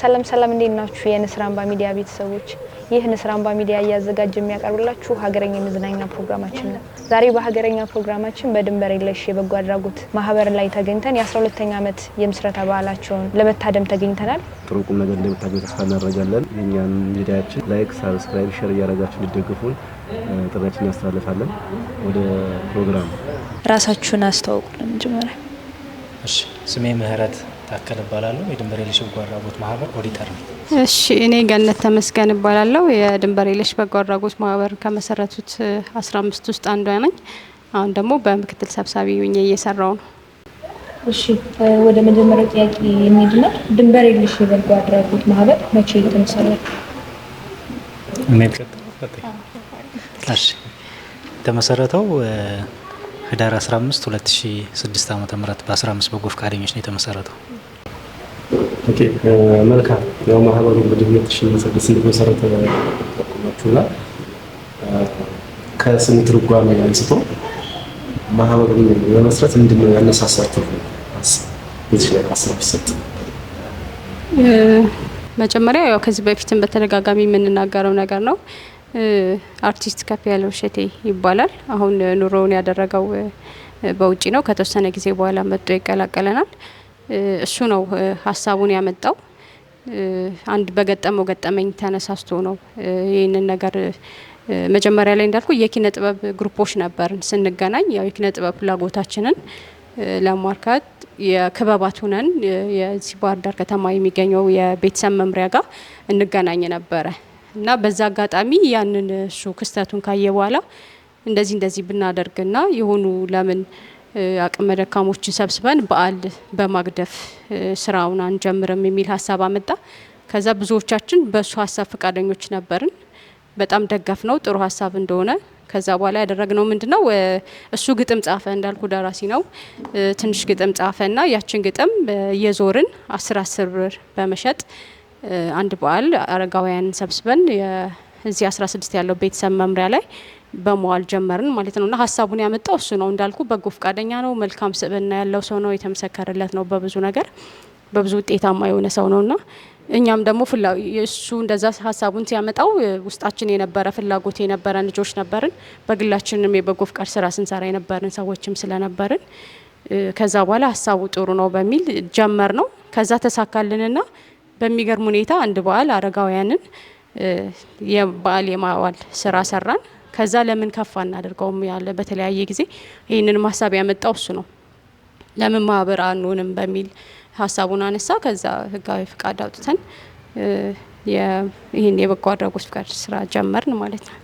ሰላም ሰላም እንዴት ናችሁ? የንስር አምባ ሚዲያ ቤተሰቦች፣ ይህ ንስር አምባ ሚዲያ እያዘጋጀ የሚያቀርብላችሁ ሀገረኛ የመዝናኛ ፕሮግራማችን ነው። ዛሬ በሀገረኛ ፕሮግራማችን በድንበር የለሽ የበጎ አድራጎት ማህበር ላይ ተገኝተን የአስራ ሁለተኛ ዓመት የምስረታ በዓላቸውን ለመታደም ተገኝተናል። ጥሩ ቁም ነገር እንደምታገኝ ተስፋ እናደርጋለን። የእኛን ሚዲያችን ላይክ፣ ሳብስክራይብ፣ ሸር እያደረጋችሁ እንዲደግፉን ጥሪያችን እናስተላልፋለን። ወደ ፕሮግራም ራሳችሁን አስተዋውቁልን። መጀመሪያ ስሜ ምህረት ታከል እባላለሁ። የድንበር የለሽ በጎ አድራጎት ማህበር ኦዲተር ነው። እሺ፣ እኔ ገነት ተመስገን እባላለሁ። የድንበር የለሽ በጎ አድራጎት ማህበር ከመሰረቱት 15 ውስጥ አንዷ ነኝ። አሁን ደግሞ በምክትል ሰብሳቢ ሆኜ እየሰራው ነው። እሺ፣ ወደ መጀመሪያው ጥያቄ የሚሄድ ነው። ድንበር የለሽ የበጎ አድራጎት ማህበር መቼ ተመሰረተ? የተመሰረተው ህዳር 15 2006 ዓ.ም በ15 በጎ ፈቃደኞች ነው የተመሰረተው። ኦኬ መልካም። ያው ማህበሩ እንግዲህ 2016 ሺህ ስድስት እንደተመሰረተ ጠቁማችሁና ከስም ትርጓሜ አንስቶ ማህበሩን ለመስረት ምንድን ነው ያነሳሳችሁ? እዚህ ላይ ሀሳብ ይሰጥ። መጀመሪያ ያው ከዚህ በፊትም በተደጋጋሚ የምንናገረው ነገር ነው። አርቲስት ከፍ ያለው ሸቴ ይባላል። አሁን ኑሮውን ያደረገው በውጭ ነው። ከተወሰነ ጊዜ በኋላ መጥቶ ይቀላቀለናል። እሱ ነው ሀሳቡን ያመጣው። አንድ በገጠመው ገጠመኝ ተነሳስቶ ነው ይህንን ነገር መጀመሪያ ላይ እንዳልኩ የኪነ ጥበብ ግሩፖች ነበርን ስንገናኝ ያው የኪነ ጥበብ ፍላጎታችንን ለማርካት የክበባት ሁነን የዚህ ባህር ዳር ከተማ የሚገኘው የቤተሰብ መምሪያ ጋር እንገናኝ ነበረ እና በዛ አጋጣሚ ያንን እሱ ክስተቱን ካየ በኋላ እንደዚህ እንደዚህ ብናደርግና የሆኑ ለምን አቅመ ደካሞችን ሰብስበን በዓል በማግደፍ ስራውን አንጀምርም የሚል ሀሳብ አመጣ። ከዛ ብዙዎቻችን በእሱ ሀሳብ ፈቃደኞች ነበርን። በጣም ደጋፍ ነው ጥሩ ሀሳብ እንደሆነ ከዛ በኋላ ያደረግነው ምንድ ነው? እሱ ግጥም ጻፈ እንዳልኩ ደራሲ ነው። ትንሽ ግጥም ጻፈና ያችን ግጥም የዞርን አስር አስር ብር በመሸጥ አንድ በዓል አረጋውያንን ሰብስበን እዚህ ስድስት ያለው ቤተሰብ መምሪያ ላይ በመዋል ጀመርን ማለት ነው እና ሀሳቡን ያመጣው እሱ ነው። እንዳልኩ በጎ ፈቃደኛ ነው፣ መልካም ስብዕና ያለው ሰው ነው፣ የተመሰከረለት ነው በብዙ ነገር በብዙ ውጤታማ የሆነ ሰው ነው እና እኛም ደግሞ እሱ እንደዛ ሀሳቡን ሲያመጣው ውስጣችን የነበረ ፍላጎት የነበረን ልጆች ነበርን። በግላችንም የበጎ ፍቃድ ስራ ስንሰራ የነበርን ሰዎችም ስለነበርን ከዛ በኋላ ሀሳቡ ጥሩ ነው በሚል ጀመር ነው። ከዛ ተሳካልንና በሚገርም ሁኔታ አንድ በዓል አረጋውያንን የበዓል የማዋል ስራ ሰራን። ከዛ ለምን ከፍ አናደርገውም ያለ በተለያየ ጊዜ ይህንን ሀሳብ ያመጣው እሱ ነው። ለምን ማህበር አንሆንም በሚል ሀሳቡን አነሳ። ከዛ ህጋዊ ፍቃድ አውጥተን ይህን የበጎ አድራጎት ፍቃድ ስራ ጀመርን ማለት ነው።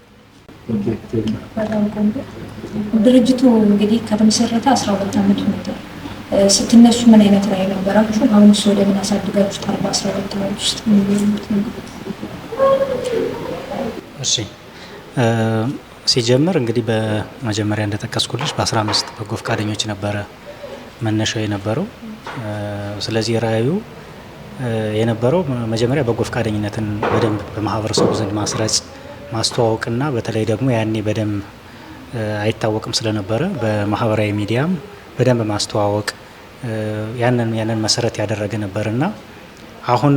ድርጅቱ እንግዲህ ከተመሰረተ አስራ ሁለት አመቱ ነበር። ስትነሱ ምን አይነት ላይ ነበራችሁ? አሁንስ ወደ ምን አሳድጋችሁት? አርባ አስራ ሁለት አመት ውስጥ እሺ ሲጀምር እንግዲህ በመጀመሪያ እንደጠቀስኩልሽ በ15 በጎ ፈቃደኞች ነበረ መነሻው የነበረው። ስለዚህ ራዕዩ የነበረው መጀመሪያ በጎ ፈቃደኝነትን በደንብ በማህበረሰቡ ዘንድ ማስረጽ፣ ማስተዋወቅና በተለይ ደግሞ ያኔ በደንብ አይታወቅም ስለነበረ በማህበራዊ ሚዲያም በደንብ ማስተዋወቅ ያንን ያንን መሰረት ያደረገ ነበርና አሁን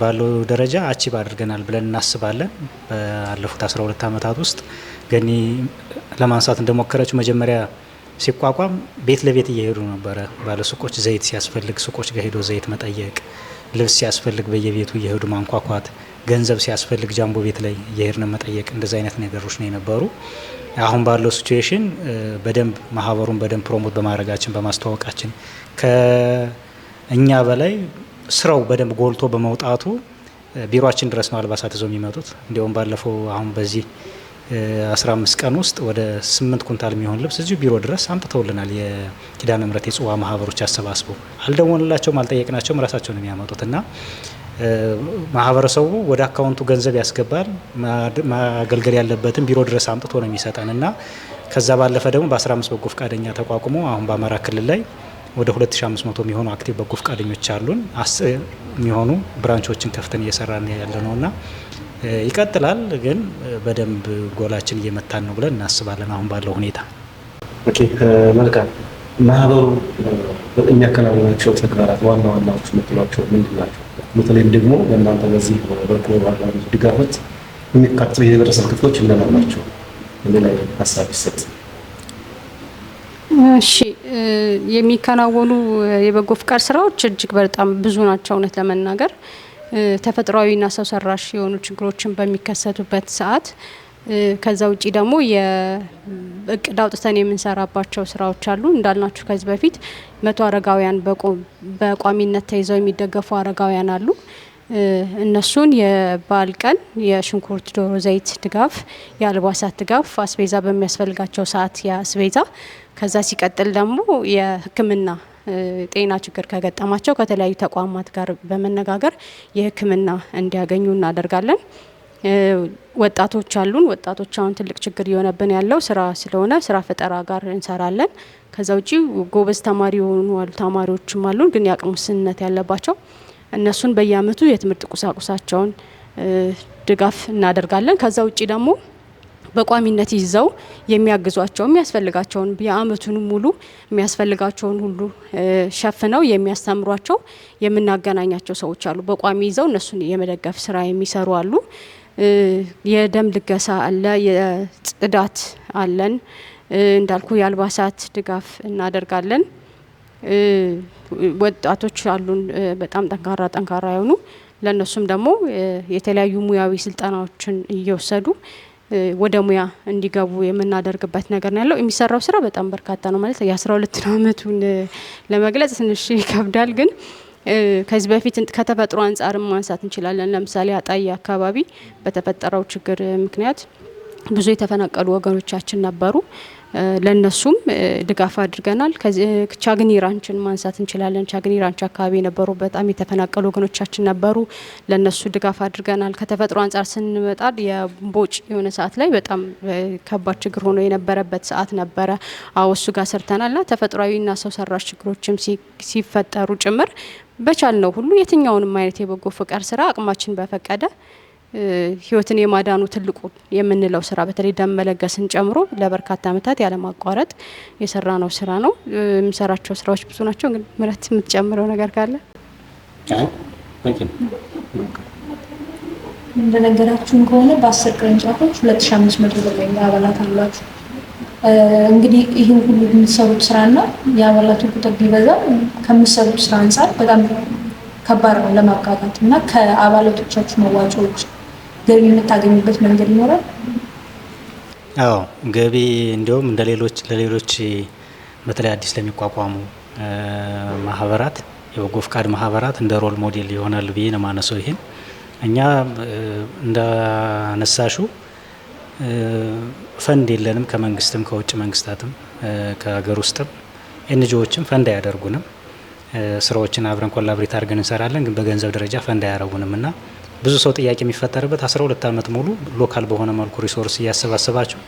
ባለው ደረጃ አቺቭ አድርገናል ብለን እናስባለን። ባለፉት 12 ዓመታት ውስጥ ገኒ ለማንሳት እንደሞከረችው መጀመሪያ ሲቋቋም ቤት ለቤት እየሄዱ ነበረ። ሱቆች ዘይት ሲያስፈልግ ሱቆች ጋር ሄዶ ዘይት መጠየቅ፣ ልብስ ሲያስፈልግ በየቤቱ እየሄዱ ማንኳኳት፣ ገንዘብ ሲያስፈልግ ጃምቦ ቤት ላይ እየሄድን መጠየቅ፣ እንደዚህ አይነት ነገሮች ነው የነበሩ። አሁን ባለው ሲትዌሽን በደንብ ማህበሩን በደንብ ፕሮሞት በማድረጋችን በማስተዋወቃችን ከእኛ በላይ ስራው በደንብ ጎልቶ በመውጣቱ ቢሮችን ድረስ ነው አልባሳት ይዘው የሚመጡት። እንዲሁም ባለፈው አሁን በዚህ 15 ቀን ውስጥ ወደ 8 ኩንታል የሚሆን ልብስ እዚሁ ቢሮ ድረስ አምጥተውልናል። የኪዳነ ምሕረት የጽዋ ማህበሮች አሰባስበው አልደወንላቸውም፣ አልጠየቅናቸውም። ራሳቸው ነው የሚያመጡት እና ማህበረሰቡ ወደ አካውንቱ ገንዘብ ያስገባል። ማገልገል ያለበትን ቢሮ ድረስ አምጥቶ ነው የሚሰጠን እና ከዛ ባለፈ ደግሞ በ15 በጎ ፈቃደኛ ተቋቁሞ አሁን በአማራ ክልል ላይ ወደ 2500 የሚሆኑ አክቲቭ በጎ ፈቃደኞች አሉን። አስር የሚሆኑ ብራንቾችን ከፍተን እየሰራን ያለ ነውና ይቀጥላል። ግን በደንብ ጎላችን እየመታን ነው ብለን እናስባለን። አሁን ባለው ሁኔታ ኦኬ፣ መልካም ማህበሩ የሚያከናውናቸው ተግባራት ዋና ዋናዎች ምትሏቸው ምንድን ናቸው? በተለይም ደግሞ በእናንተ በዚህ በጎ ባለ ድጋፎች የሚካተቱ የህብረተሰብ ክፍሎች እነማን ናቸው? የሚል ሀሳብ ይሰጥ እሺ የሚከናወኑ የበጎ ፍቃድ ስራዎች እጅግ በጣም ብዙ ናቸው። እውነት ለመናገር ተፈጥሯዊና ሰው ሰራሽ የሆኑ ችግሮችን በሚከሰቱበት ሰዓት ከዛ ውጪ ደግሞ የእቅድ አውጥተን የምንሰራባቸው ስራዎች አሉ። እንዳልናችሁ ከዚህ በፊት መቶ አረጋውያን በቋሚነት ተይዘው የሚደገፉ አረጋውያን አሉ። እነሱን የበዓል ቀን የሽንኩርት፣ ዶሮ ዘይት ድጋፍ፣ የአልባሳት ድጋፍ፣ አስቤዛ በሚያስፈልጋቸው ሰዓት የአስቤዛ ከዛ ሲቀጥል ደግሞ የሕክምና ጤና ችግር ከገጠማቸው ከተለያዩ ተቋማት ጋር በመነጋገር የሕክምና እንዲያገኙ እናደርጋለን። ወጣቶች አሉን። ወጣቶች አሁን ትልቅ ችግር እየሆነብን ያለው ስራ ስለሆነ ስራ ፈጠራ ጋር እንሰራለን። ከዛ ውጪ ጎበዝ ተማሪ የሆኑ አሉ ተማሪዎችም አሉን፣ ግን የአቅም ውስንነት ያለባቸው እነሱን በየአመቱ የትምህርት ቁሳቁሳቸውን ድጋፍ እናደርጋለን። ከዛ ውጭ ደግሞ በቋሚነት ይዘው የሚያግዟቸው የሚያስፈልጋቸውን የአመቱን ሙሉ የሚያስፈልጋቸውን ሁሉ ሸፍነው የሚያስተምሯቸው የምናገናኛቸው ሰዎች አሉ። በቋሚ ይዘው እነሱን የመደገፍ ስራ የሚሰሩ አሉ። የደም ልገሳ አለ፣ የጽዳት አለን። እንዳልኩ የአልባሳት ድጋፍ እናደርጋለን። ወጣቶች አሉን በጣም ጠንካራ ጠንካራ የሆኑ ለእነሱም ደግሞ የተለያዩ ሙያዊ ስልጠናዎችን እየወሰዱ ወደ ሙያ እንዲገቡ የምናደርግበት ነገር ነው ያለው። የሚሰራው ስራ በጣም በርካታ ነው ማለት የአስራ ሁለት አመቱን ለመግለጽ ትንሽ ይከብዳል። ግን ከዚህ በፊት ከተፈጥሮ አንጻርም ማንሳት እንችላለን። ለምሳሌ አጣዬ አካባቢ በተፈጠረው ችግር ምክንያት ብዙ የተፈናቀሉ ወገኖቻችን ነበሩ። ለነሱም ድጋፍ አድርገናል። ቻግኒ ራንችን ማንሳት እንችላለን። ቻግኒ ራንች አካባቢ የነበሩ በጣም የተፈናቀሉ ወገኖቻችን ነበሩ። ለነሱ ድጋፍ አድርገናል። ከተፈጥሮ አንጻር ስንመጣ የቦጭ የሆነ ሰዓት ላይ በጣም ከባድ ችግር ሆኖ የነበረበት ሰዓት ነበረ። አዎ እሱ ጋር ሰርተናል ና ተፈጥሯዊና ሰው ሰራሽ ችግሮችም ሲፈጠሩ ጭምር በቻል ነው ሁሉ የትኛውንም አይነት የበጎ ፍቃድ ስራ አቅማችን በፈቀደ ህይወትን የማዳኑ ትልቁ የምንለው ስራ በተለይ ደም መለገስን ጨምሮ ለበርካታ አመታት ያለማቋረጥ የሰራ ነው ስራ ነው። የምሰራቸው ስራዎች ብዙ ናቸው። ግን ምረት የምትጨምረው ነገር ካለ እንደነገራችሁን ከሆነ በአስር ቅርንጫፎች ሁለት ሺ አምስት መቶ ዘጠኝ አባላት አሏችሁ። እንግዲህ ይህን ሁሉ የምትሰሩት ስራና የአባላቱ ቁጥር ቢበዛ ከምትሰሩት ስራ አንጻር በጣም ከባድ ነው ለማቃጣት እና ከአባላቶቻችሁ መዋጮዎች ገቢ የምታገኙበት መንገድ ይኖራል? አዎ ገቢ እንዲሁም እንደ ሌሎች ለሌሎች በተለይ አዲስ ለሚቋቋሙ ማህበራት የበጎ ፍቃድ ማህበራት እንደ ሮል ሞዴል ይሆናል ብዬ ነው ማነሰው። ይህን እኛ እንዳነሳሹ ፈንድ የለንም ከመንግስትም ከውጭ መንግስታትም ከሀገር ውስጥም ኤንጂኦዎችም ፈንድ አያደርጉንም። ስራዎችን አብረን ኮላብሬት አድርገን እንሰራለን፣ ግን በገንዘብ ደረጃ ፈንድ አያደርጉንም እና ብዙ ሰው ጥያቄ የሚፈጠርበት 12 ዓመት ሙሉ ሎካል በሆነ መልኩ ሪሶርስ እያሰባሰባችሁ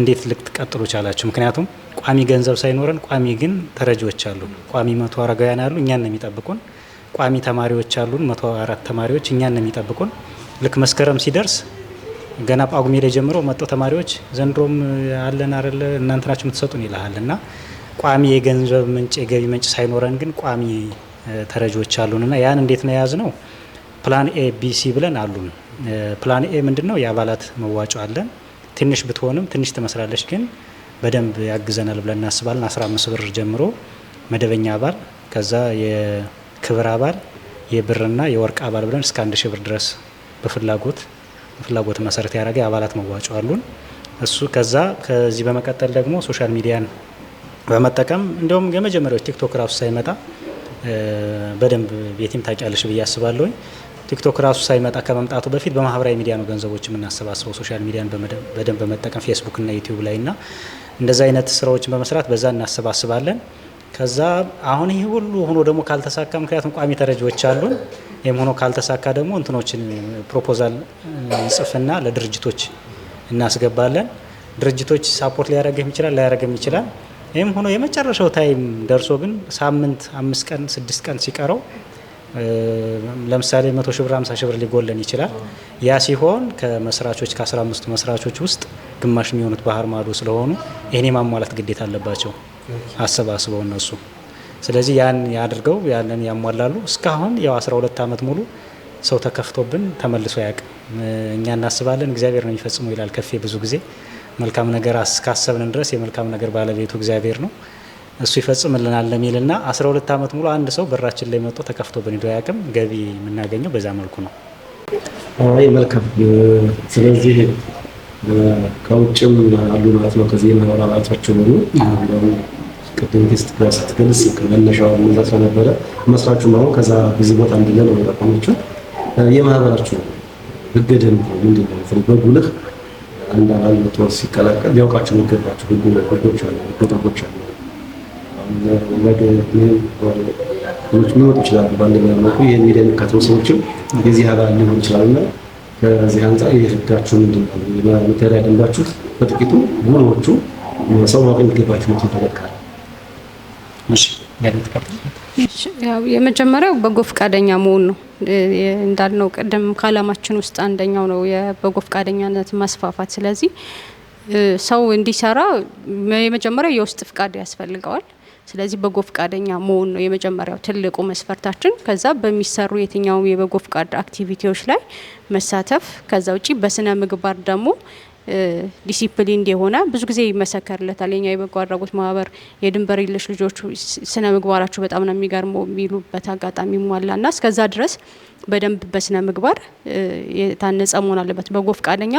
እንዴት ልትቀጥሉ ቻላችሁ? ምክንያቱም ቋሚ ገንዘብ ሳይኖረን ቋሚ ግን ተረጂዎች አሉ። ቋሚ መቶ አረጋውያን አሉ፣ እኛን ነው የሚጠብቁን። ቋሚ ተማሪዎች አሉን፣ መቶ አራት ተማሪዎች እኛን ነው የሚጠብቁን። ልክ መስከረም ሲደርስ ገና ጳጉሜ ላይ ጀምሮ መጥተው ተማሪዎች ዘንድሮም አለን አለ እናንተ ናቸው የምትሰጡን ይልሃል እና ቋሚ የገንዘብ ምንጭ የገቢ ምንጭ ሳይኖረን ግን ቋሚ ተረጂዎች እና ያን እንዴት ነው የያዝ ነው ፕላን ኤ ቢሲ ብለን አሉን። ፕላን ኤ ምንድን ነው? የአባላት መዋጮ አለን። ትንሽ ብትሆንም ትንሽ ትመስላለች፣ ግን በደንብ ያግዘናል ብለን እናስባለን። 15 ብር ጀምሮ መደበኛ አባል፣ ከዛ የክብር አባል፣ የብርና የወርቅ አባል ብለን እስከ አንድ ብር ድረስ በፍላጎት ፍላጎት መሰረት ያደረገ የአባላት መዋጮ አሉን። እሱ ከዛ ከዚህ በመቀጠል ደግሞ ሶሻል ሚዲያን በመጠቀም እንዲሁም የመጀመሪያዎች ቲክቶክ ራሱ ሳይመጣ በደንብ ቤቲም ታውቂያለሽ ብዬ አስባለሁኝ ቲክቶክ ራሱ ሳይመጣ ከመምጣቱ በፊት በማህበራዊ ሚዲያ ነው ገንዘቦች የምናሰባስበው። ሶሻል ሚዲያን በደንብ በመጠቀም ፌስቡክ እና ዩቲዩብ ላይ እና እንደዚ አይነት ስራዎችን በመስራት በዛ እናሰባስባለን። ከዛ አሁን ይህ ሁሉ ሆኖ ደግሞ ካልተሳካ ምክንያቱም ቋሚ ተረጂዎች አሉን። ይህም ሆኖ ካልተሳካ ደግሞ እንትኖችን ፕሮፖዛል እንጽፍና ለድርጅቶች እናስገባለን። ድርጅቶች ሳፖርት ሊያደረግም ይችላል ላያደረግም ይችላል። ይህም ሆኖ የመጨረሻው ታይም ደርሶ ግን ሳምንት አምስት ቀን ስድስት ቀን ሲቀረው ለምሳሌ መቶ ሺህ ብር ሃምሳ ሺህ ብር ሊጎለን ይችላል። ያ ሲሆን ከመስራቾች ከአስራ አምስቱ መስራቾች ውስጥ ግማሽ የሚሆኑት ባህር ማዶ ስለሆኑ ይሄኔ ማሟላት ግዴታ አለባቸው አሰባስበው እነሱ። ስለዚህ ያን ያድርገው ያንን ያሟላሉ። እስካሁን ያው 12 ዓመት ሙሉ ሰው ተከፍቶብን ተመልሶ አያውቅም። እኛ እናስባለን እግዚአብሔር ነው የሚፈጽመው ይላል ከፌ ብዙ ጊዜ መልካም ነገር እስካሰብን ድረስ የመልካም ነገር ባለቤቱ እግዚአብሔር ነው። እሱ ይፈጽምልናል ለሚልና 12 ዓመት ሙሉ አንድ ሰው በራችን ላይ መጥቶ ተከፍቶ ሄዶ አያውቅም። ገቢ የምናገኘው በዛ መልኩ ነው። አይ መልካም። ስለዚህ ከውጭም አሉ ማለት ነው። ከዚህ ማህበራባቻቸው ሆኑ ቅድም ቴስት ጋር ስትገልጽ ከመነሻው ምዛት ነበረ መስራችሁ ማሆ ከዛ በዚህ ቦታ እንድለ ነው ጠቀሞችው የማህበራችሁ ህገ ደንብ በጉልህ አንድ አባል መቶ ሲቀላቀል ሊያውቃቸው የሚገባቸው ህጎች አሉ፣ ህገ አሉ ሊወጡ ይችላሉ። በአንደኛ መልኩ የሚደንቃቸው ሰዎችም የዚህ አባል ሊሆን እና ከዚህ አንጻር የህጋችሁ ምንድን ነው? መተዳደሪያ ደንባችሁ በጥቂቱ ሰው ማወቅ የሚገባቸው የመጀመሪያው በጎ ፈቃደኛ መሆን ነው። እንዳልነው ቅድም ውስጥ አንደኛው ነው የበጎ ፈቃደኛነት ማስፋፋት። ስለዚህ ሰው እንዲሰራ የመጀመሪያው የውስጥ ፍቃድ ያስፈልገዋል። ስለዚህ በጎ ፍቃደኛ መሆን ነው የመጀመሪያው ትልቁ መስፈርታችን። ከዛ በሚሰሩ የትኛውም የበጎ ፍቃድ አክቲቪቲዎች ላይ መሳተፍ፣ ከዛ ውጪ በስነ ምግባር ደግሞ ዲሲፕሊን የሆነ ብዙ ጊዜ ይመሰከርለታል። የኛ የበጎ አድራጎት ማህበር የድንበር የለሽ ልጆች ስነ ምግባራቸው በጣም ነው የሚገርመው የሚሉበት አጋጣሚ ሟላ ና እስከዛ ድረስ በደንብ በስነ ምግባር የታነጸ መሆን አለበት። በጎ ፍቃደኛ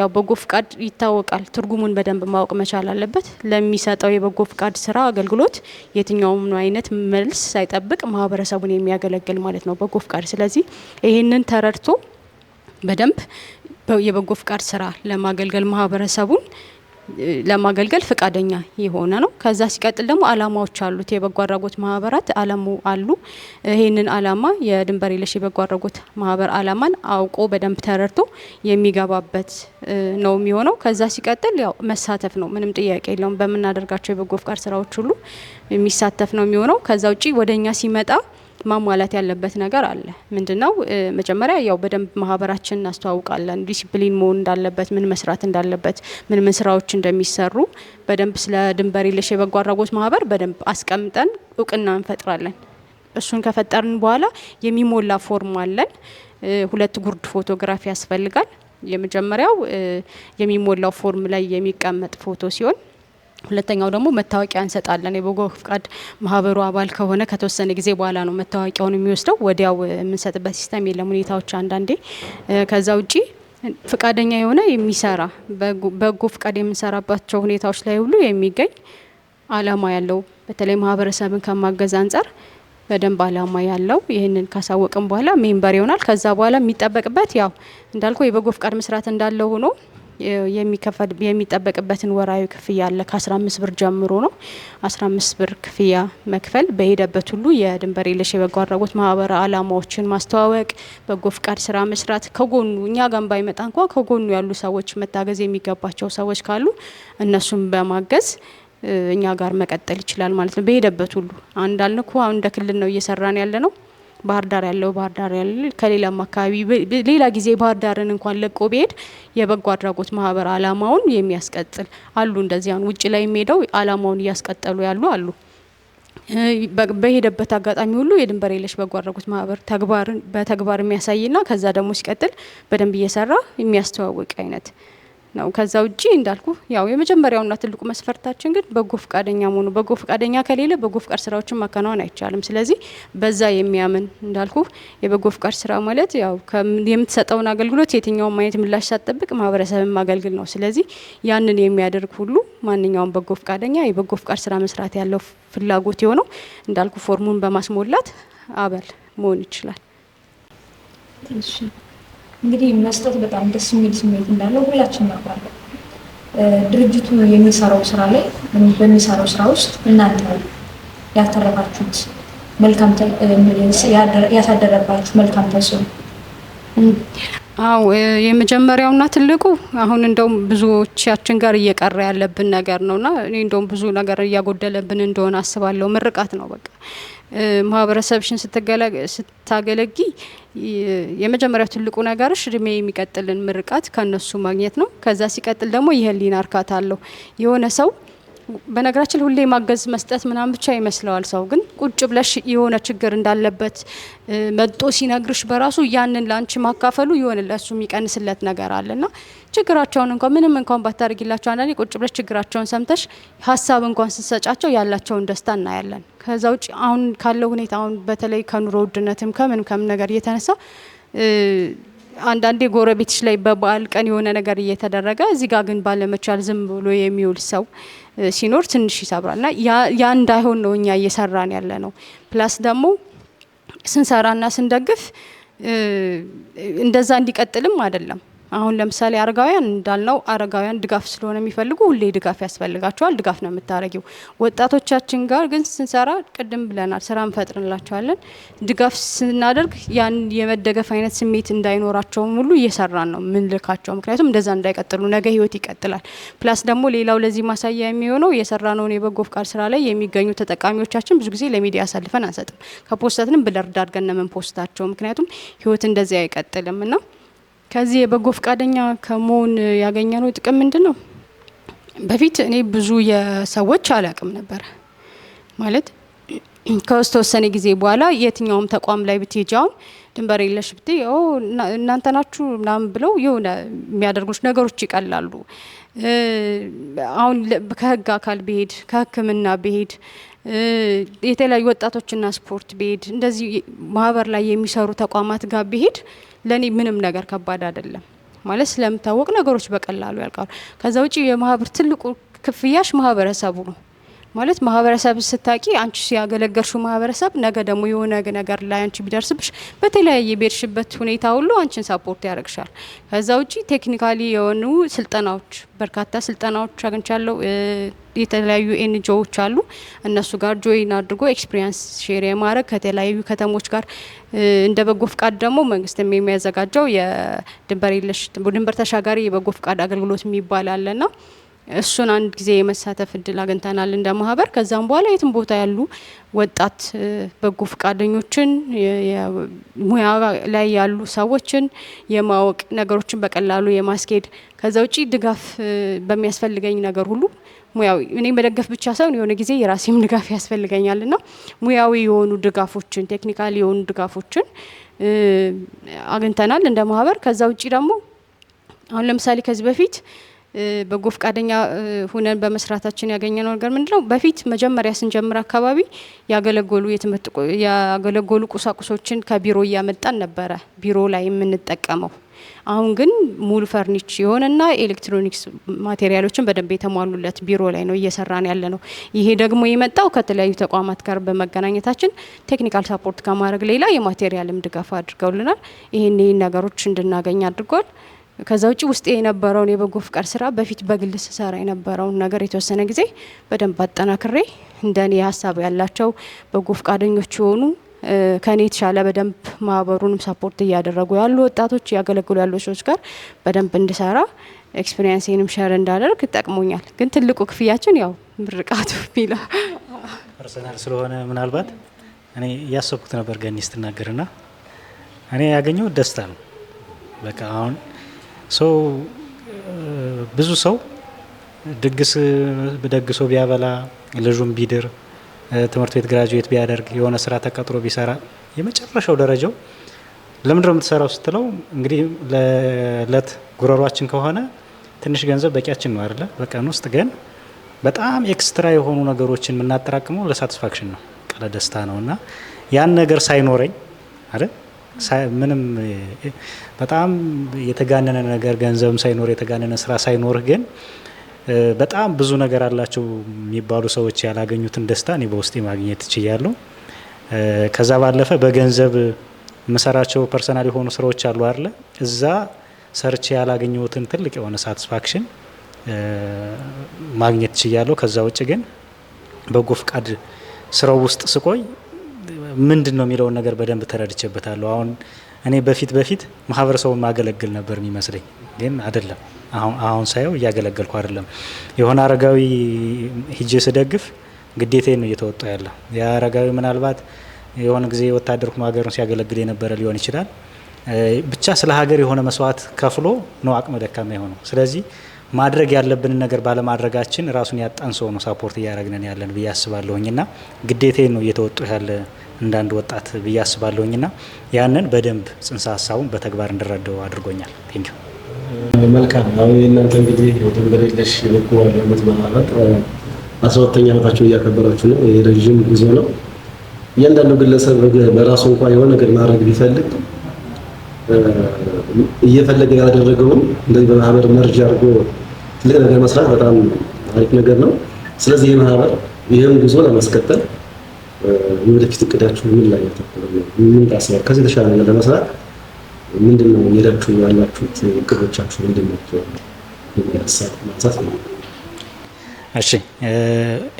ያው በጎ ፍቃድ ይታወቃል፣ ትርጉሙን በደንብ ማወቅ መቻል አለበት። ለሚሰጠው የበጎ ፍቃድ ስራ አገልግሎት የትኛውም አይነት መልስ ሳይጠብቅ ማህበረሰቡን የሚያገለግል ማለት ነው በጎ ፍቃድ። ስለዚህ ይህንን ተረድቶ በደንብ የበጎ ፍቃድ ስራ ለማገልገል ማህበረሰቡን ለማገልገል ፍቃደኛ የሆነ ነው። ከዛ ሲቀጥል ደግሞ አላማዎች አሉት። የበጎ አድራጎት ማህበራት አለሙ አሉ። ይህንን አላማ የድንበር የለሽ የበጎ አድራጎት ማህበር አላማን አውቆ በደንብ ተረድቶ የሚገባበት ነው የሚሆነው። ከዛ ሲቀጥል ያው መሳተፍ ነው፣ ምንም ጥያቄ የለውም። በምናደርጋቸው የበጎ ፍቃድ ስራዎች ሁሉ የሚሳተፍ ነው የሚሆነው። ከዛ ውጪ ወደኛ ሲመጣ ማሟላት ያለበት ነገር አለ። ምንድነው? መጀመሪያ ያው በደንብ ማህበራችን እናስተዋውቃለን። ዲሲፕሊን መሆን እንዳለበት፣ ምን መስራት እንዳለበት፣ ምን ምን ስራዎች እንደሚሰሩ በደንብ ስለ ድንበር የለሽ የበጎ አድራጎት ማህበር በደንብ አስቀምጠን እውቅና እንፈጥራለን። እሱን ከፈጠርን በኋላ የሚሞላ ፎርም አለን። ሁለት ጉርድ ፎቶግራፊ ያስፈልጋል። የመጀመሪያው የሚሞላው ፎርም ላይ የሚቀመጥ ፎቶ ሲሆን ሁለተኛው ደግሞ መታወቂያ እንሰጣለን። የበጎ ፍቃድ ማህበሩ አባል ከሆነ ከተወሰነ ጊዜ በኋላ ነው መታወቂያውን የሚወስደው። ወዲያው የምንሰጥበት ሲስተም የለም፣ ሁኔታዎች አንዳንዴ። ከዛ ውጪ ፍቃደኛ የሆነ የሚሰራ በጎ ፍቃድ የምንሰራባቸው ሁኔታዎች ላይ ሁሉ የሚገኝ አላማ ያለው በተለይ ማህበረሰብን ከማገዝ አንጻር በደንብ አላማ ያለው ይህንን ካሳወቅም በኋላ ሜምበር ይሆናል። ከዛ በኋላ የሚጠበቅበት ያው እንዳልኩ የበጎ ፍቃድ መስራት እንዳለው ሆኖ የሚጠበቅበትን ወራዊ ክፍያ አለ ከአስራ አምስት ብር ጀምሮ ነው። አምስት ብር ክፍያ መክፈል በሄደበት ሁሉ የድንበር የለሽ የበጎ አድራጎት ማህበር አላማዎችን ማስተዋወቅ፣ በጎ ፍቃድ ስራ መስራት፣ ከጎኑ እኛ ጋር ባይመጣ እንኳ ከጎኑ ያሉ ሰዎች መታገዝ የሚገባቸው ሰዎች ካሉ እነሱን በማገዝ እኛ ጋር መቀጠል ይችላል ማለት ነው። በሄደበት ሁሉ አንዳልንኩ አሁን እንደ ክልል ነው እየሰራን ያለ ነው። ባህር ዳር ያለው ባህር ዳር ያለ ከሌላም አካባቢ ሌላ ጊዜ ባህር ዳርን እንኳን ለቆ ቢሄድ የበጎ አድራጎት ማህበር አላማውን የሚያስቀጥል አሉ። አሁን ውጭ ላይ የሚሄደው አላማውን እያስቀጠሉ ያሉ አሉ። በሄደበት አጋጣሚ ሁሉ የድንበር የለሽ በጎ አድራጎት ማህበር ተግባርን በተግባር የሚያሳይና ከዛ ደግሞ ሲቀጥል በደንብ እየሰራ የሚያስተዋውቅ አይነት ነው። ከዛ ውጪ እንዳልኩ ያው የመጀመሪያውና ትልቁ መስፈርታችን ግን በጎ ፍቃደኛ መሆኑ፣ በጎ ፍቃደኛ ከሌለ በጎ ፍቃድ ስራዎችን ማከናወን አይቻልም። ስለዚህ በዛ የሚያምን እንዳልኩ የበጎ ፍቃድ ስራ ማለት ያው የምትሰጠውን አገልግሎት የትኛውም አይነት ምላሽ ሳትጠብቅ ማህበረሰብን ማገልግል ነው። ስለዚህ ያንን የሚያደርግ ሁሉ ማንኛውም በጎ ፍቃደኛ የበጎ ፍቃድ ስራ መስራት ያለው ፍላጎት የሆነው እንዳልኩ ፎርሙን በማስሞላት አባል መሆን ይችላል። እንግዲህ መስጠት በጣም ደስ የሚል ስሜት እንዳለው ሁላችን እናውቃለን። ድርጅቱ የሚሰራው ስራ ላይ በሚሰራው ስራ ውስጥ እናንተ ያተረፋችሁት ያሳደረባችሁ መልካም ተጽዕኖ? አው የመጀመሪያውና ትልቁ አሁን እንደውም ብዙዎቻችን ጋር እየቀረ ያለብን ነገር ነውና እኔ እንደውም ብዙ ነገር እያጎደለብን እንደሆነ አስባለሁ። ምርቃት ነው በቃ ማህበረሰብሽን ስታገለጊ የመጀመሪያው ትልቁ ነገርሽ እድሜ የሚቀጥልን ምርቃት ከነሱ ማግኘት ነው። ከዛ ሲቀጥል ደግሞ የህሊና እርካታ አለው የሆነ ሰው በነገራችን ሁሌ ማገዝ መስጠት ምናምን ብቻ ይመስለዋል ሰው። ግን ቁጭ ብለሽ የሆነ ችግር እንዳለበት መጦ ሲነግርሽ በራሱ ያንን ለአንቺ ማካፈሉ የሆነ ለእሱ የሚቀንስለት ነገር አለና ችግራቸውን እንኳን ምንም እንኳን ባታደርጊላቸው አንዳንዴ ቁጭ ብለሽ ችግራቸውን ሰምተሽ ሀሳብ እንኳን ስትሰጫቸው ያላቸውን ደስታ እናያለን። ከዛ ውጭ አሁን ካለው ሁኔታ አሁን በተለይ ከኑሮ ውድነትም ከምን ከምን ነገር እየተነሳ አንዳንዴ ጎረቤትሽ ላይ በበዓል ቀን የሆነ ነገር እየተደረገ እዚህ ጋር ግን ባለመቻል ዝም ብሎ የሚውል ሰው ሲኖር ትንሽ ና ያ እንዳይሆን ነው እኛ እየሰራን ያለ ነው። ፕላስ ደግሞ ስንሰራና ስንደግፍ እንደዛ እንዲቀጥልም አይደለም አሁን ለምሳሌ አረጋውያን እንዳልነው አረጋውያን ድጋፍ ስለሆነ የሚፈልጉ ሁሌ ድጋፍ ያስፈልጋቸዋል። ድጋፍ ነው የምታደረጊው። ወጣቶቻችን ጋር ግን ስንሰራ ቅድም ብለናል፣ ስራ እንፈጥርላቸዋለን። ድጋፍ ስናደርግ ያን የመደገፍ አይነት ስሜት እንዳይኖራቸውም ሁሉ እየሰራን ነው ምንልካቸው። ምክንያቱም እንደዛ እንዳይቀጥሉ፣ ነገ ህይወት ይቀጥላል። ፕላስ ደግሞ ሌላው ለዚህ ማሳያ የሚሆነው ነውን የበጎ ፍቃድ ስራ ላይ የሚገኙ ተጠቃሚዎቻችን ብዙ ጊዜ ለሚዲያ አሳልፈን አንሰጥም። ከፖስተትንም ብለርድ አድርገን ነው የምንፖስታቸው። ምክንያቱም ህይወት እንደዚያ አይቀጥልም እና ከዚህ የበጎ ፈቃደኛ ከመሆን ያገኘነው ጥቅም ምንድን ነው? በፊት እኔ ብዙ የሰዎች አላቅም ነበር ማለት ተወሰነ ጊዜ በኋላ የትኛውም ተቋም ላይ ብትሄጂ አሁን ድንበር የለሽ ብት እናንተ ናችሁ ምናምን ብለው የሆነ የሚያደርጉች ነገሮች ይቀላሉ። አሁን ከህግ አካል ብሄድ፣ ከህክምና ብሄድ፣ የተለያዩ ወጣቶችና ስፖርት ብሄድ፣ እንደዚህ ማህበር ላይ የሚሰሩ ተቋማት ጋር ብሄድ ለእኔ ምንም ነገር ከባድ አይደለም ማለት ስለምታወቅ ነገሮች በቀላሉ ያልቃሉ። ከዛ ውጪ የማህበር ትልቁ ክፍያሽ ማህበረሰቡ ነው። ማለት ማህበረሰብ ስታቂ አንቺ ያገለገልሽው ማህበረሰብ ነገ ደግሞ የሆነ ነገር ላይ አንቺ ቢደርስብሽ በተለያየ ቤርሽበት ሁኔታ ሁሉ አንቺን ሳፖርት ያደርግሻል። ከዛ ውጪ ቴክኒካሊ የሆኑ ስልጠናዎች በርካታ ስልጠናዎች አግኝቻለሁ። የተለያዩ ኤንጂኦዎች አሉ። እነሱ ጋር ጆይን አድርጎ ኤክስፒሪንስ ሼር የማድረግ ከተለያዩ ከተሞች ጋር እንደ በጎ ፍቃድ ደግሞ መንግስትም የሚያዘጋጀው የድንበር የለሽ ድንበር ተሻጋሪ የበጎ ፍቃድ አገልግሎት የሚባል አለና እሱን አንድ ጊዜ የመሳተፍ እድል አግኝተናል እንደ ማህበር። ከዛም በኋላ የትም ቦታ ያሉ ወጣት በጎ ፈቃደኞችን፣ ሙያ ላይ ያሉ ሰዎችን የማወቅ ነገሮችን በቀላሉ የማስኬድ ከዛ ውጪ ድጋፍ በሚያስፈልገኝ ነገር ሁሉ ሙያዊ እኔ መደገፍ ብቻ ሳይሆን የሆነ ጊዜ የራሴም ድጋፍ ያስፈልገኛል ና ሙያዊ የሆኑ ድጋፎችን፣ ቴክኒካል የሆኑ ድጋፎችን አግኝተናል እንደ ማህበር። ከዛ ውጪ ደግሞ አሁን ለምሳሌ ከዚህ በፊት በጎ ፈቃደኛ ሁነን በመስራታችን ያገኘነው ነገር ምንድነው? በፊት መጀመሪያ ስንጀምር አካባቢ ያገለገሉ የትምህርት ያገለገሉ ቁሳቁሶችን ከቢሮ እያመጣን ነበረ ቢሮ ላይ የምንጠቀመው። አሁን ግን ሙሉ ፈርኒች የሆነና ኤሌክትሮኒክስ ማቴሪያሎችን በደንብ የተሟሉለት ቢሮ ላይ ነው እየሰራን ያለ ነው። ይሄ ደግሞ የመጣው ከተለያዩ ተቋማት ጋር በመገናኘታችን ቴክኒካል ሳፖርት ከማድረግ ሌላ የማቴሪያልም ድጋፍ አድርገውልናል። ይህን ይህን ነገሮች እንድናገኝ አድርጓል። ከዛ ውጭ ውስጤ የነበረውን የበጎ ፍቃድ ስራ በፊት በግል ስሰራ የነበረውን ነገር የተወሰነ ጊዜ በደንብ አጠናክሬ እንደ እኔ ሀሳብ ያላቸው በጎ ፍቃደኞች የሆኑ ከኔ የተሻለ በደንብ ማህበሩንም ሰፖርት እያደረጉ ያሉ ወጣቶች እያገለግሉ ያሉ ሰዎች ጋር በደንብ እንድሰራ ኤክስፔሪንስንም ሸር እንዳደርግ ጠቅሞኛል። ግን ትልቁ ክፍያችን ያው ምርቃቱ ሚለ ፐርሰናል ስለሆነ ምናልባት እኔ እያሰብኩት ነበር ገኒ ስትናገርና እኔ ያገኘው ደስታ ነው። በቃ አሁን ሰው ብዙ ሰው ድግስ ደግሶ ቢያበላ ልጁም ቢድር ትምህርት ቤት ግራጁዌት ቢያደርግ የሆነ ስራ ተቀጥሮ ቢሰራ የመጨረሻው ደረጃው ለምንድነው የምትሰራው ስትለው እንግዲህ ለእለት ጉረሯችን ከሆነ ትንሽ ገንዘብ በቂያችን ነው አይደለ? በቀን ውስጥ ግን በጣም ኤክስትራ የሆኑ ነገሮችን የምናጠራቅመው ለሳትስፋክሽን ነው፣ ደስታ ነው እና ያን ነገር ሳይኖረኝ አይደል ምንም በጣም የተጋነነ ነገር ገንዘብም ሳይኖር የተጋነነ ስራ ሳይኖርህ ግን በጣም ብዙ ነገር አላቸው የሚባሉ ሰዎች ያላገኙትን ደስታ እኔ በውስጤ ማግኘት እችላለሁ። ከዛ ባለፈ በገንዘብ መሰራቸው ፐርሰናል የሆኑ ስራዎች አሉ አለ እዛ ሰርች ያላገኘሁትን ትልቅ የሆነ ሳትስፋክሽን ማግኘት ችያለሁ። ከዛ ውጭ ግን በጎ ፍቃድ ስራው ውስጥ ስቆይ ምንድን ነው የሚለውን ነገር በደንብ ተረድቼበታለሁ። አሁን እኔ በፊት በፊት ማህበረሰቡን ማገለግል ነበር የሚመስለኝ፣ ግን አይደለም። አሁን ሳየው እያገለገልኩ አይደለም። የሆነ አረጋዊ ሂጄ ስደግፍ ግዴታ ነው እየተወጣ ያለ ያ አረጋዊ ምናልባት የሆነ ጊዜ ወታደር ሆኖ ሀገሩን ሲያገለግል የነበረ ሊሆን ይችላል። ብቻ ስለ ሀገር የሆነ መስዋዕት ከፍሎ ነው አቅመ ደካማ የሆነው። ስለዚህ ማድረግ ያለብንን ነገር ባለማድረጋችን ራሱን ያጣን ሰው ነው ሳፖርት እያደረግነን ያለን ብዬ አስባለሁኝ ና ግዴታዬን ነው እየተወጡ ያለ እንዳንድ ወጣት ብዬ አስባለሁኝ ና ያንን በደንብ ጽንሰ ሀሳቡን በተግባር እንድረዳው አድርጎኛል። ቴንኪ መልካም። አሁን የእናንተ እንግዲህ ድንበር የለሽ የበጎ አድራጎት ማህበር አስራ ሁለተኛ ዓመታችሁን እያከበራችሁ ነው። የረዥም ጉዞ ነው። እያንዳንዱ ግለሰብ በራሱ እንኳ የሆነ ነገር ማድረግ ቢፈልግ እየፈለገ ያደረገውን እንደዚህ በማህበር መርጅ አድርጎ ትልቅ ነገር መስራት በጣም አሪፍ ነገር ነው። ስለዚህ ይህ ማህበር ይህም ጉዞ ለማስቀጠል የወደፊት እቅዳችሁ ምን ላይ ያተኮረ ምን ታስባል? ከዚህ የተሻለ ነገር ለመስራት ምንድን ነው ሄዳችሁ ያላችሁት እቅዶቻችሁ ምንድን ናቸው? ሀሳብ ማንሳት ነው። እሺ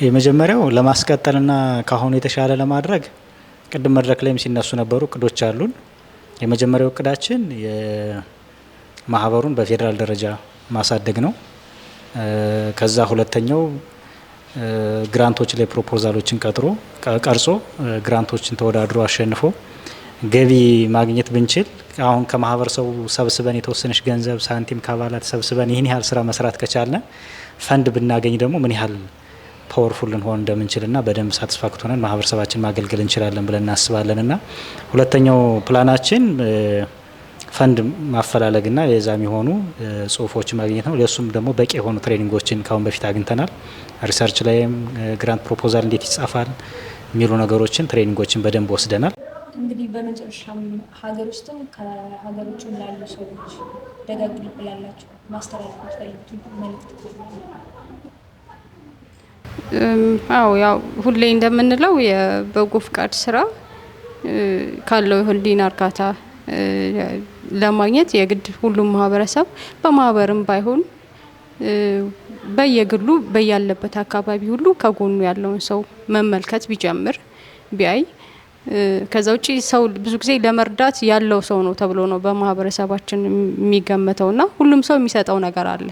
የመጀመሪያው ለማስቀጠልና ከአሁኑ የተሻለ ለማድረግ ቅድም መድረክ ላይም ሲነሱ ነበሩ እቅዶች አሉን የመጀመሪያው እቅዳችን ማህበሩን በፌዴራል ደረጃ ማሳደግ ነው። ከዛ ሁለተኛው ግራንቶች ላይ ፕሮፖዛሎችን ቀጥሮ ቀርጾ ግራንቶችን ተወዳድሮ አሸንፎ ገቢ ማግኘት ብንችል አሁን ከማህበረሰቡ ሰብስበን የተወሰነች ገንዘብ ሳንቲም ከአባላት ሰብስበን ይህን ያህል ስራ መስራት ከቻልን ፈንድ ብናገኝ ደግሞ ምን ያህል ፓወርፉል ልንሆን ና በደንብ ሳትስፋክት ሆነን ማህበረሰባችን ማገልገል እንችላለን ብለን እናስባለን ና ሁለተኛው ፕላናችን ፈንድ ማፈላለግና የዛም የሆኑ ጽሁፎችን ማግኘት ነው። ለሱም ደግሞ በቂ የሆኑ ትሬኒንጎችን ካሁን በፊት አግኝተናል። ሪሰርች ላይም ግራንት ፕሮፖዛል እንዴት ይጻፋል የሚሉ ነገሮችን ትሬኒንጎችን በደንብ ወስደናል። እንግዲህ በመጨረሻም ሀገር ውስጥም ከሀገር ውጭ ላሉ ሰዎች ደጋግ ላላቸው ማስተላለፍ መልክት አዎ ያው ሁሌ እንደምንለው የበጎ ፍቃድ ስራ ካለው የህሊና እርካታ ለማግኘት የግድ ሁሉም ማህበረሰብ በማህበርም ባይሆን በየግሉ በያለበት አካባቢ ሁሉ ከጎኑ ያለውን ሰው መመልከት ቢጀምር ቢያይ ከዛ ውጪ ሰው ብዙ ጊዜ ለመርዳት ያለው ሰው ነው ተብሎ ነው በማህበረሰባችን የሚገመተው እና ሁሉም ሰው የሚሰጠው ነገር አለ።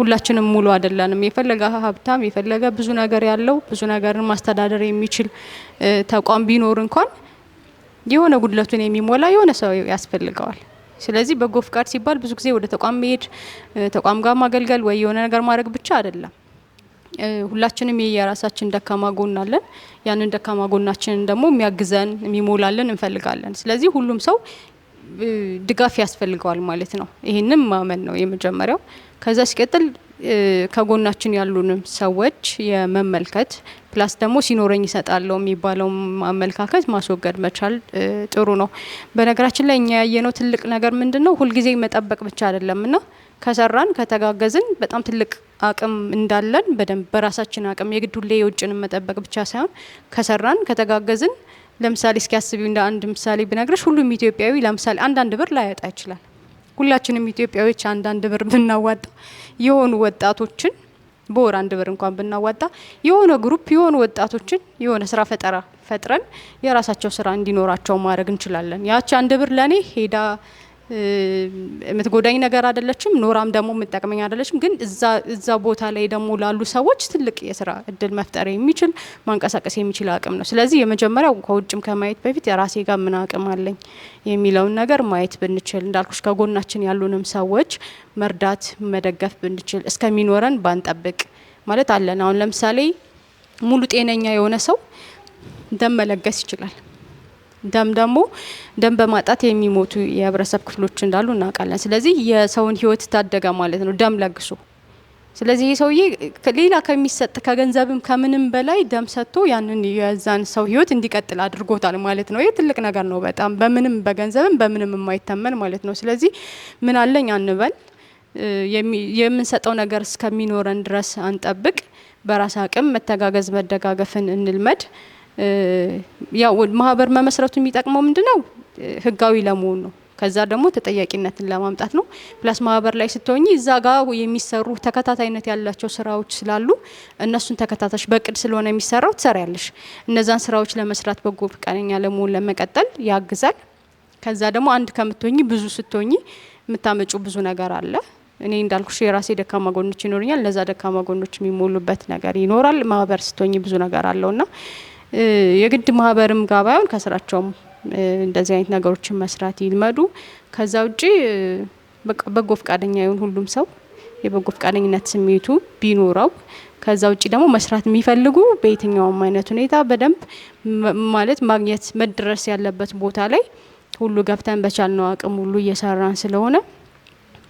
ሁላችንም ሙሉ አይደለንም። የፈለገ ሀብታም የፈለገ ብዙ ነገር ያለው ብዙ ነገርን ማስተዳደር የሚችል ተቋም ቢኖር እንኳን የሆነ ጉድለቱን የሚሞላ የሆነ ሰው ያስፈልገዋል። ስለዚህ በጎ ፍቃድ ሲባል ብዙ ጊዜ ወደ ተቋም መሄድ፣ ተቋም ጋር ማገልገል ወይ የሆነ ነገር ማድረግ ብቻ አይደለም። ሁላችንም የየራሳችን ደካማ ጎን አለን። ያንን ደካማ ጎናችንን ደግሞ የሚያግዘን የሚሞላልን እንፈልጋለን። ስለዚህ ሁሉም ሰው ድጋፍ ያስፈልገዋል ማለት ነው። ይህንም ማመን ነው የመጀመሪያው። ከዛ ሲቀጥል ከጎናችን ያሉንም ሰዎች የመመልከት ፕላስ ደግሞ ሲኖረኝ ይሰጣለው የሚባለው አመለካከት ማስወገድ መቻል ጥሩ ነው። በነገራችን ላይ እኛ ያየነው ትልቅ ነገር ምንድን ነው፣ ሁልጊዜ መጠበቅ ብቻ አይደለም ና ከሰራን ከተጋገዝን በጣም ትልቅ አቅም እንዳለን በደንብ በራሳችን አቅም የግድ ሁሌ የውጭንም መጠበቅ ብቻ ሳይሆን ከሰራን ከተጋገዝን ለምሳሌ እስኪያስቢ እንደ አንድ ምሳሌ ብነግረሽ ሁሉም ኢትዮጵያዊ ለምሳሌ አንዳንድ ብር ላያጣ ይችላል። ሁላችንም ኢትዮጵያዎች አንዳንድ ብር ብናዋጣ የሆኑ ወጣቶችን በወር አንድ ብር እንኳን ብናዋጣ የሆነ ግሩፕ የሆኑ ወጣቶችን የሆነ ስራ ፈጠራ ፈጥረን የራሳቸው ስራ እንዲኖራቸው ማድረግ እንችላለን። ያቺ አንድ ብር ለእኔ ሄዳ የምትጎዳኝ ነገር አይደለችም፣ ኖራም ደግሞ የምጠቅመኝ አይደለችም። ግን እዛ ቦታ ላይ ደግሞ ላሉ ሰዎች ትልቅ የስራ እድል መፍጠር የሚችል ማንቀሳቀስ የሚችል አቅም ነው። ስለዚህ የመጀመሪያው ከውጭም ከማየት በፊት የራሴ ጋር ምን አቅም አለኝ የሚለውን ነገር ማየት ብንችል፣ እንዳልኩች ከጎናችን ያሉንም ሰዎች መርዳት መደገፍ ብንችል፣ እስከሚኖረን ባንጠብቅ ማለት አለን። አሁን ለምሳሌ ሙሉ ጤነኛ የሆነ ሰው ደም መለገስ ይችላል። ደም ደግሞ ደም በማጣት የሚሞቱ የህብረተሰብ ክፍሎች እንዳሉ እናውቃለን። ስለዚህ የሰውን ህይወት ታደገ ማለት ነው ደም ለግሶ። ስለዚህ ይህ ሰውዬ ሌላ ከሚሰጥ ከገንዘብም ከምንም በላይ ደም ሰጥቶ ያንን የዛን ሰው ህይወት እንዲቀጥል አድርጎታል ማለት ነው። ይህ ትልቅ ነገር ነው በጣም በምንም በገንዘብም በምንም የማይተመን ማለት ነው። ስለዚህ ምን አለኝ አንበል፣ የምንሰጠው ነገር እስከሚኖረን ድረስ አንጠብቅ። በራስ አቅም መተጋገዝ መደጋገፍን እንልመድ። ያው ማህበር መመስረቱ የሚጠቅመው ምንድነው? ህጋዊ ለመሆን ነው። ከዛ ደግሞ ተጠያቂነትን ለማምጣት ነው። ፕላስ ማህበር ላይ ስትሆኝ እዛ ጋር የሚሰሩ ተከታታይነት ያላቸው ስራዎች ስላሉ እነሱን ተከታታሽ በቅድ ስለሆነ የሚሰራው ትሰሪያለሽ። እነዛን ስራዎች ለመስራት በጎ ፍቃደኛ ለመሆን ለመቀጠል ያግዛል። ከዛ ደግሞ አንድ ከምትሆኝ ብዙ ስትሆኝ የምታመጩ ብዙ ነገር አለ። እኔ እንዳልኩሽ የራሴ ደካማ ጎኖች ይኖርኛል። እነዛ ደካማ ጎኖች የሚሞሉበት ነገር ይኖራል። ማህበር ስትሆኝ ብዙ ነገር አለውና የግድ ማህበርም ጋር ባይሆን ከስራቸውም እንደዚህ አይነት ነገሮችን መስራት ይልመዱ። ከዛ ውጪ በጎ ፈቃደኛ ይሁን ሁሉም ሰው የበጎ ፈቃደኝነት ስሜቱ ቢኖረው። ከዛ ውጭ ደግሞ መስራት የሚፈልጉ በየትኛውም አይነት ሁኔታ በደንብ ማለት ማግኘት መድረስ ያለበት ቦታ ላይ ሁሉ ገብተን በቻልነው አቅም ሁሉ እየሰራን ስለሆነ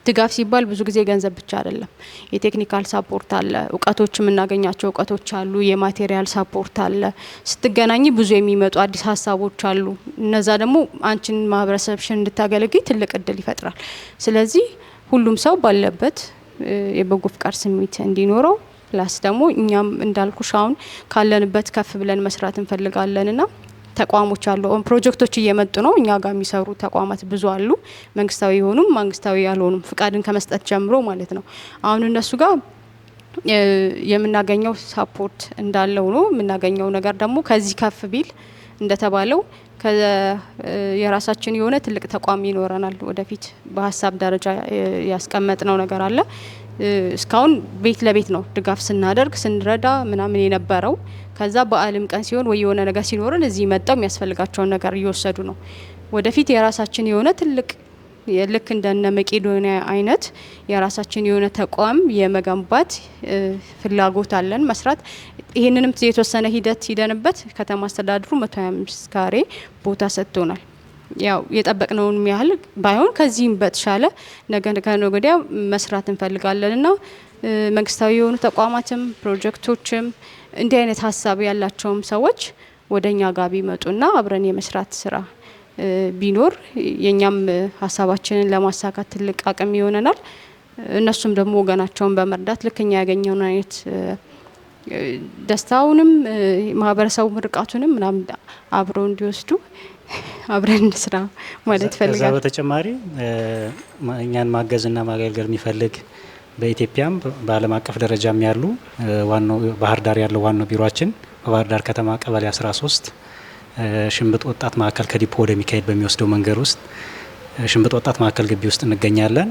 ድጋፍ ሲባል ብዙ ጊዜ ገንዘብ ብቻ አይደለም። የቴክኒካል ሳፖርት አለ፣ እውቀቶች የምናገኛቸው እውቀቶች አሉ፣ የማቴሪያል ሳፖርት አለ። ስትገናኝ ብዙ የሚመጡ አዲስ ሀሳቦች አሉ። እነዛ ደግሞ አንቺን ማህበረሰብሽን እንድታገለግኝ ትልቅ እድል ይፈጥራል። ስለዚህ ሁሉም ሰው ባለበት የበጎ ፍቃድ ስሜት እንዲኖረው ፕላስ ደግሞ እኛም እንዳልኩሽ አሁን ካለንበት ከፍ ብለን መስራት እንፈልጋለን ና ተቋሞች አሉ። ፕሮጀክቶች እየመጡ ነው። እኛ ጋር የሚሰሩ ተቋማት ብዙ አሉ፣ መንግስታዊ የሆኑም መንግስታዊ ያልሆኑም ፍቃድን ከመስጠት ጀምሮ ማለት ነው። አሁን እነሱ ጋር የምናገኘው ሳፖርት እንዳለው ነው። የምናገኘው ነገር ደግሞ ከዚህ ከፍ ቢል እንደተባለው የራሳችን የሆነ ትልቅ ተቋም ይኖረናል። ወደፊት በሀሳብ ደረጃ ያስቀመጥነው ነገር አለ። እስካሁን ቤት ለቤት ነው ድጋፍ ስናደርግ ስንረዳ ምናምን የነበረው ከዛ በዓልም ቀን ሲሆን ወይ የሆነ ነገር ሲኖረን እዚህ መጣው የሚያስፈልጋቸውን ነገር እየወሰዱ ነው። ወደፊት የራሳችን የሆነ ትልቅ ልክ እንደነ መቄዶኒያ አይነት የራሳችን የሆነ ተቋም የመገንባት ፍላጎት አለን መስራት። ይህንንም የተወሰነ ሂደት ሂደንበት ከተማ አስተዳድሩ መቶ ሀያ አምስት ካሬ ቦታ ሰጥቶናል። ያው የጠበቅነውን ያህል ባይሆን ከዚህም በተሻለ ነገ ከነገ ወዲያ መስራት እንፈልጋለን እና መንግስታዊ የሆኑ ተቋማትም ፕሮጀክቶችም እንዲህ አይነት ሀሳብ ያላቸውም ሰዎች ወደ እኛ ጋር ቢመጡና አብረን የመስራት ስራ ቢኖር የእኛም ሀሳባችንን ለማሳካት ትልቅ አቅም ይሆነናል። እነሱም ደግሞ ወገናቸውን በመርዳት ልክ እኛ ያገኘውን አይነት ደስታውንም ማህበረሰቡ ምርቃቱንም ምናምን አብረው እንዲወስዱ አብረን ስራ ማለት ይፈልጋል። በተጨማሪ እኛን ማገዝና ማገልገል የሚፈልግ በኢትዮጵያም በዓለም አቀፍ ደረጃም ያሉ ዋናው ባህር ዳር ያለው ዋናው ቢሮችን በባህር ዳር ከተማ ቀበሌ 13 ሽምብጥ ወጣት ማዕከል ከዲፖ ወደሚካሄድ በሚወስደው መንገድ ውስጥ ሽምብጥ ወጣት ማዕከል ግቢ ውስጥ እንገኛለን።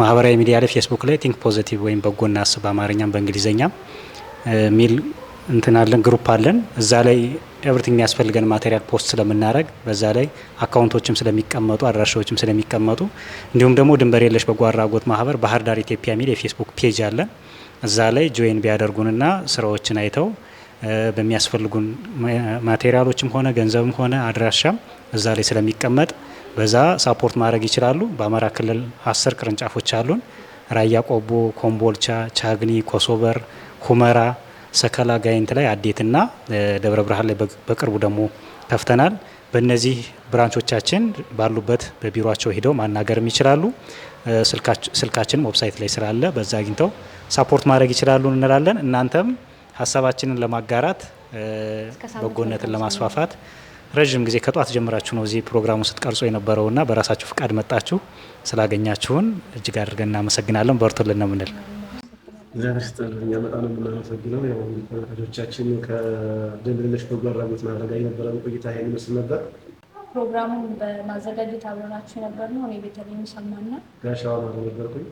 ማህበራዊ ሚዲያ ላይ ፌስቡክ ላይ ቲንክ ፖዚቲቭ ወይም በጎና አስብ በአማርኛም በእንግሊዝኛም ሚል እንትን አለን ግሩፕ አለን እዛ ላይ ኤቭሪቲንግ የሚያስፈልገን ማቴሪያል ፖስት ስለምናደረግ በዛ ላይ አካውንቶችም ስለሚቀመጡ አድራሻዎችም ስለሚቀመጡ እንዲሁም ደግሞ ድንበር የለሽ በጎ አድራጎት ማህበር ባህር ዳር ኢትዮጵያ የሚል የፌስቡክ ፔጅ አለን። እዛ ላይ ጆይን ቢያደርጉንና ስራዎችን አይተው በሚያስፈልጉን ማቴሪያሎችም ሆነ ገንዘብም ሆነ አድራሻም እዛ ላይ ስለሚቀመጥ በዛ ሳፖርት ማድረግ ይችላሉ። በአማራ ክልል አስር ቅርንጫፎች አሉን። ራያ ቆቦ፣ ኮምቦልቻ፣ ቻግኒ፣ ኮሶበር፣ ሁመራ ሰከላ ጋይንት ላይ አዴትና ደብረ ብርሃን ላይ በቅርቡ ደግሞ ከፍተናል። በእነዚህ ብራንቾቻችን ባሉበት በቢሮቸው ሄደው ማናገርም ይችላሉ። ስልካችንም ዌብሳይት ላይ ስላለ በዛ አግኝተው ሳፖርት ማድረግ ይችላሉ እንላለን። እናንተም ሀሳባችንን ለማጋራት በጎነትን ለማስፋፋት ረዥም ጊዜ ከጧት ጀምራችሁ ነው እዚህ ፕሮግራሙ ስትቀርጾ የነበረውና በራሳችሁ ፍቃድ መጣችሁ ስላገኛችሁን እጅግ አድርገን እናመሰግናለን። በርቶልን ነው ምንል እግዚአብሔር ይስጥልን። እኛ በጣም የምናመሰግነው። ተመልካቾቻችን በጎ አድራጎት የነበረን ቆይታ ይሄን ይመስል ነበር። ፕሮግራሙን በማዘጋጀት አብረናችሁ ነበር ነው እኔ ቤተልሔም ሰማና ጋሻዋ ነበርኩኝ።